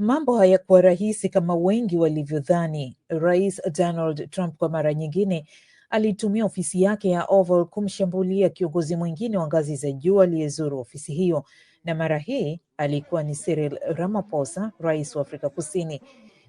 Mambo hayakuwa rahisi kama wengi walivyodhani. Rais Donald Trump kwa mara nyingine alitumia ofisi yake ya Oval kumshambulia kiongozi mwingine wa ngazi za juu aliyezuru ofisi hiyo, na mara hii alikuwa ni Cyril Ramaphosa, rais wa Afrika Kusini.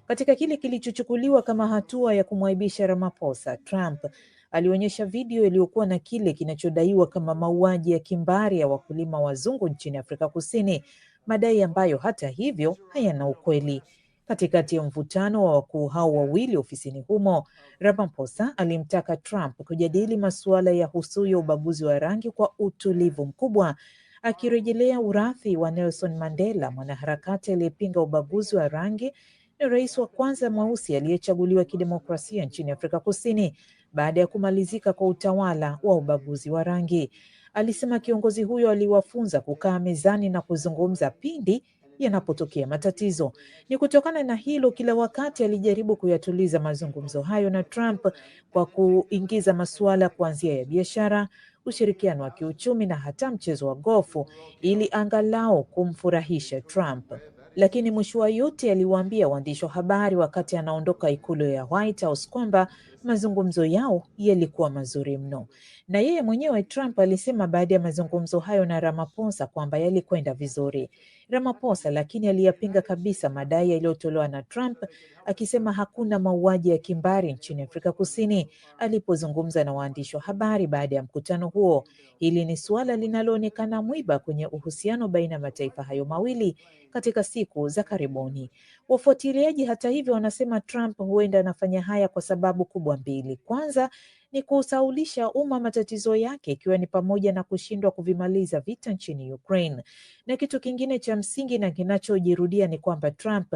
Katika kile kilichochukuliwa kama hatua ya kumwaibisha Ramaphosa, Trump alionyesha video iliyokuwa na kile kinachodaiwa kama mauaji ya kimbari ya wakulima wazungu nchini Afrika Kusini, madai ambayo hata hivyo hayana ukweli. Katikati ya mvutano wa wakuu hao wawili ofisini humo, Ramaphosa alimtaka Trump kujadili masuala ya husu ya ubaguzi wa rangi kwa utulivu mkubwa, akirejelea urathi wa Nelson Mandela, mwanaharakati aliyepinga ubaguzi wa rangi ni rais wa kwanza mweusi aliyechaguliwa kidemokrasia nchini Afrika Kusini baada ya kumalizika kwa utawala wa ubaguzi wa rangi. Alisema kiongozi huyo aliwafunza kukaa mezani na kuzungumza pindi yanapotokea matatizo. Ni kutokana na hilo, kila wakati alijaribu kuyatuliza mazungumzo hayo na Trump kwa kuingiza masuala kuanzia ya biashara, ushirikiano wa kiuchumi na hata mchezo wa gofu ili angalau kumfurahisha Trump. Lakini mwisho wa yote aliwaambia waandishi wa habari wakati anaondoka ikulu ya White House kwamba mazungumzo yao yalikuwa mazuri mno, na yeye mwenyewe Trump alisema baada ya mazungumzo hayo na Ramaphosa kwamba yalikwenda vizuri. Ramaphosa lakini aliyapinga kabisa madai yaliyotolewa na Trump akisema hakuna mauaji ya kimbari nchini Afrika Kusini alipozungumza na waandishi wa habari baada ya mkutano huo. Hili ni suala linaloonekana mwiba kwenye uhusiano baina ya mataifa hayo mawili katika si siku za karibuni. Wafuatiliaji hata hivyo, wanasema Trump huenda anafanya haya kwa sababu kubwa mbili. Kwanza ni kusaulisha umma matatizo yake, ikiwa ni pamoja na kushindwa kuvimaliza vita nchini Ukraine, na kitu kingine cha msingi na kinachojirudia ni kwamba Trump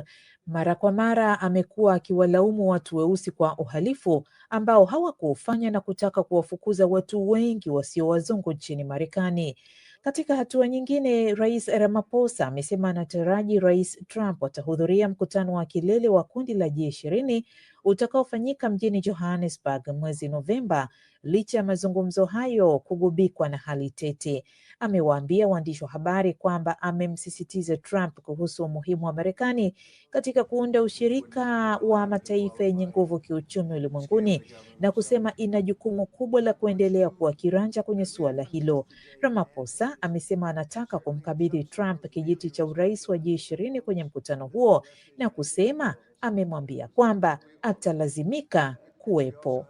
mara kwa mara amekuwa akiwalaumu watu weusi kwa uhalifu ambao hawakuufanya na kutaka kuwafukuza watu wengi wasio wazungu nchini Marekani. Katika hatua nyingine, Rais Ramaphosa amesema anataraji Rais Trump atahudhuria mkutano wa kilele wa kundi la G20 utakaofanyika mjini Johannesburg mwezi Novemba, licha ya mazungumzo hayo kugubikwa na hali tete amewaambia waandishi wa habari kwamba amemsisitiza Trump kuhusu umuhimu wa Marekani katika kuunda ushirika wa mataifa yenye nguvu kiuchumi ulimwenguni na kusema ina jukumu kubwa la kuendelea kuwa kiranja kwenye suala hilo. Ramaphosa amesema anataka kumkabidhi Trump kijiti cha urais wa G20 kwenye mkutano huo na kusema amemwambia kwamba atalazimika kuwepo.